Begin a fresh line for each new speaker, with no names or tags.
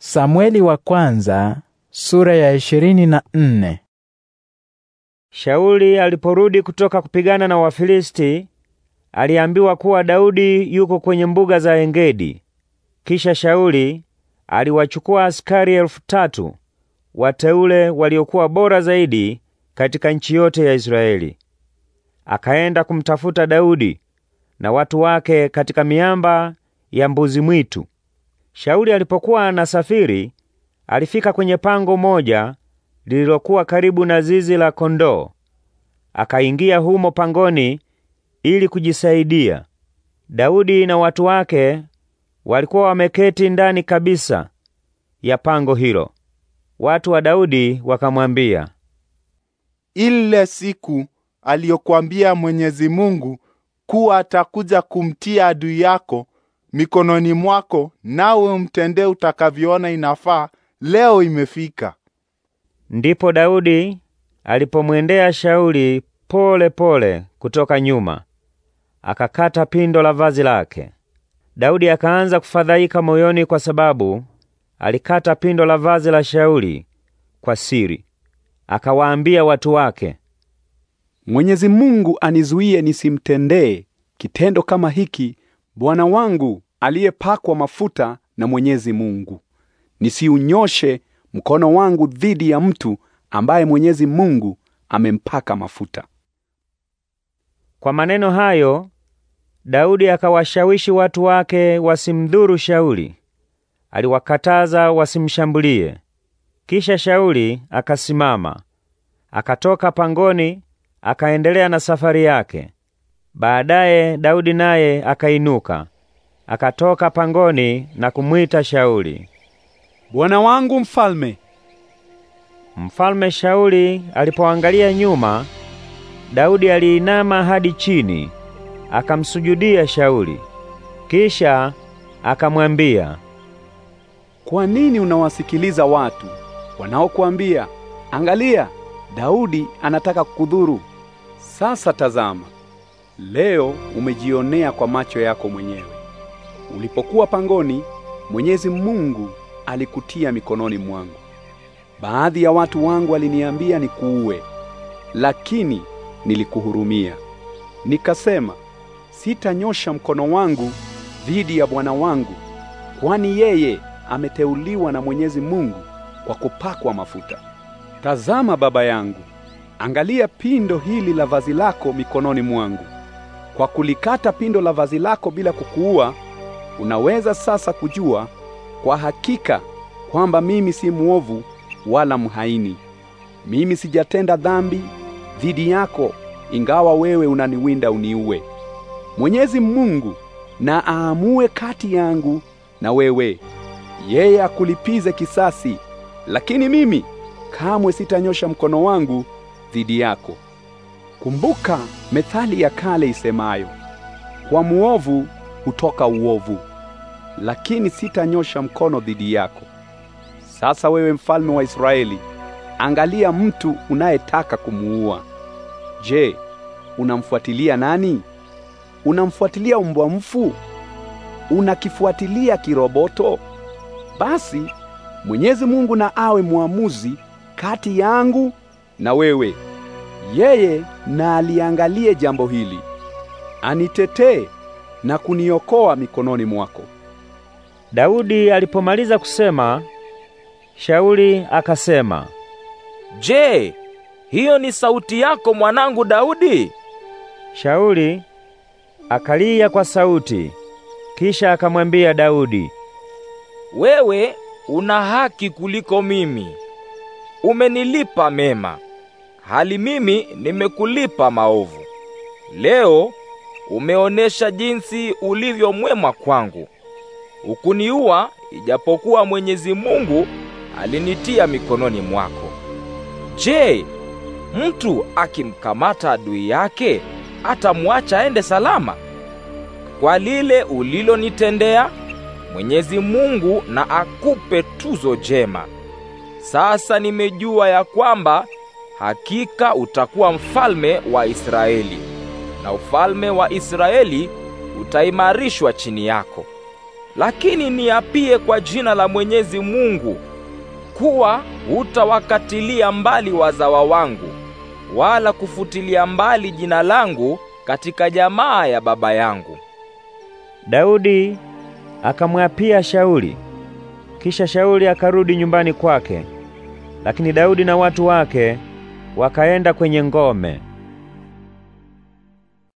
Samueli wa kwanza sura ya ishirini na nne.
Shauli aliporudi kutoka kupigana na Wafilisti, aliambiwa kuwa Daudi yuko kwenye mbuga za Engedi. Kisha Shauli aliwachukua askari elfu tatu wateule waliokuwa bora zaidi katika nchi yote ya Israeli. Akaenda kumtafuta Daudi na watu wake katika miamba ya mbuzi mwitu. Shauli alipokuwa anasafiri, alifika kwenye pango moja lililokuwa karibu na zizi la kondoo. Akaingia humo pangoni ili kujisaidia. Daudi na watu wake walikuwa wameketi ndani kabisa ya pango hilo. Watu wa Daudi wakamwambia, ile siku aliyokuambia Mwenyezi Mungu kuwa atakuja kumtia adui yako mikononi mwako, nawe umtendee utakavyoona inafaa, leo imefika. Ndipo Daudi alipomwendea Shauli pole pole kutoka nyuma, akakata pindo la vazi lake. Daudi akaanza kufadhaika moyoni kwa sababu alikata pindo la vazi la Shauli kwa siri. Akawaambia
watu wake, Mwenyezi Mungu anizuie nisimtendee kitendo kama hiki Bwana wangu aliyepakwa mafuta na Mwenyezi Mungu, nisiunyoshe mkono wangu dhidi ya mtu ambaye Mwenyezi Mungu amempaka mafuta.
Kwa maneno hayo Daudi akawashawishi watu wake wasimdhuru Shauli. Aliwakataza wasimshambulie. Kisha Shauli akasimama, akatoka pangoni, akaendelea na safari yake. Baadaye Daudi naye akainuka, akatoka pangoni na kumwita Shauli. Bwana wangu mfalme. Mfalme Shauli alipoangalia nyuma, Daudi aliinama hadi chini, akamsujudia Shauli. Kisha akamwambia,
"Kwa nini unawasikiliza watu wanaokuambia, angalia, Daudi anataka kukudhuru? Sasa tazama, leo umejionea kwa macho yako mwenyewe. Ulipokuwa pangoni, Mwenyezi Mungu alikutia mikononi mwangu. Baadhi ya watu wangu waliniambia nikuue, lakini nilikuhurumia. Nikasema, sitanyosha mkono wangu dhidi ya bwana wangu, kwani yeye ameteuliwa na Mwenyezi Mungu kwa kupakwa mafuta. Tazama baba yangu, angalia pindo hili la vazi lako mikononi mwangu. Kwa kulikata pindo la vazi lako bila kukuua, unaweza sasa kujua kwa hakika kwamba mimi si mwovu wala mhaini. Mimi sijatenda dhambi dhidi yako, ingawa wewe unaniwinda uniue. Mwenyezi Mungu na aamue kati yangu na wewe, yeye akulipize kisasi, lakini mimi kamwe sitanyosha mkono wangu dhidi yako. Kumbuka methali ya kale isemayo, kwa muovu hutoka uovu, lakini sitanyosha mkono dhidi yako. Sasa wewe mfalme wa Israeli, angalia mtu unayetaka kumuua. Je, unamfuatilia nani? Unamfuatilia mbwa mfu? Unakifuatilia kiroboto? Basi Mwenyezi Mungu na awe mwamuzi kati yangu na wewe. Yeye na aliangalie jambo hili, anitetee na kuniokoa mikononi mwako. Daudi alipomaliza
kusema, Shauli akasema, Je, hiyo ni sauti yako mwanangu Daudi? Shauli
akalia kwa sauti, kisha akamwambia Daudi,
wewe una haki kuliko mimi, umenilipa mema hali mimi nimekulipa maovu. Leo umeonesha jinsi ulivyo mwema kwangu. ukuniua ijapokuwa Mwenyezi Mungu alinitia mikononi mwako. Je, mtu akimkamata adui yake atamwacha aende salama? Kwa lile ulilonitendea, Mwenyezi Mungu na akupe tuzo jema. Sasa nimejua ya kwamba hakika utakuwa mfalme wa Israeli, na ufalme wa Israeli utaimarishwa chini yako. Lakini niapie kwa jina la Mwenyezi Mungu kuwa hutawakatilia mbali wazawa wangu wala kufutilia mbali jina langu katika jamaa ya baba yangu.
Daudi akamwapia Shauli. Kisha Shauli akarudi nyumbani kwake, lakini Daudi na watu wake wakaenda kwenye ngome.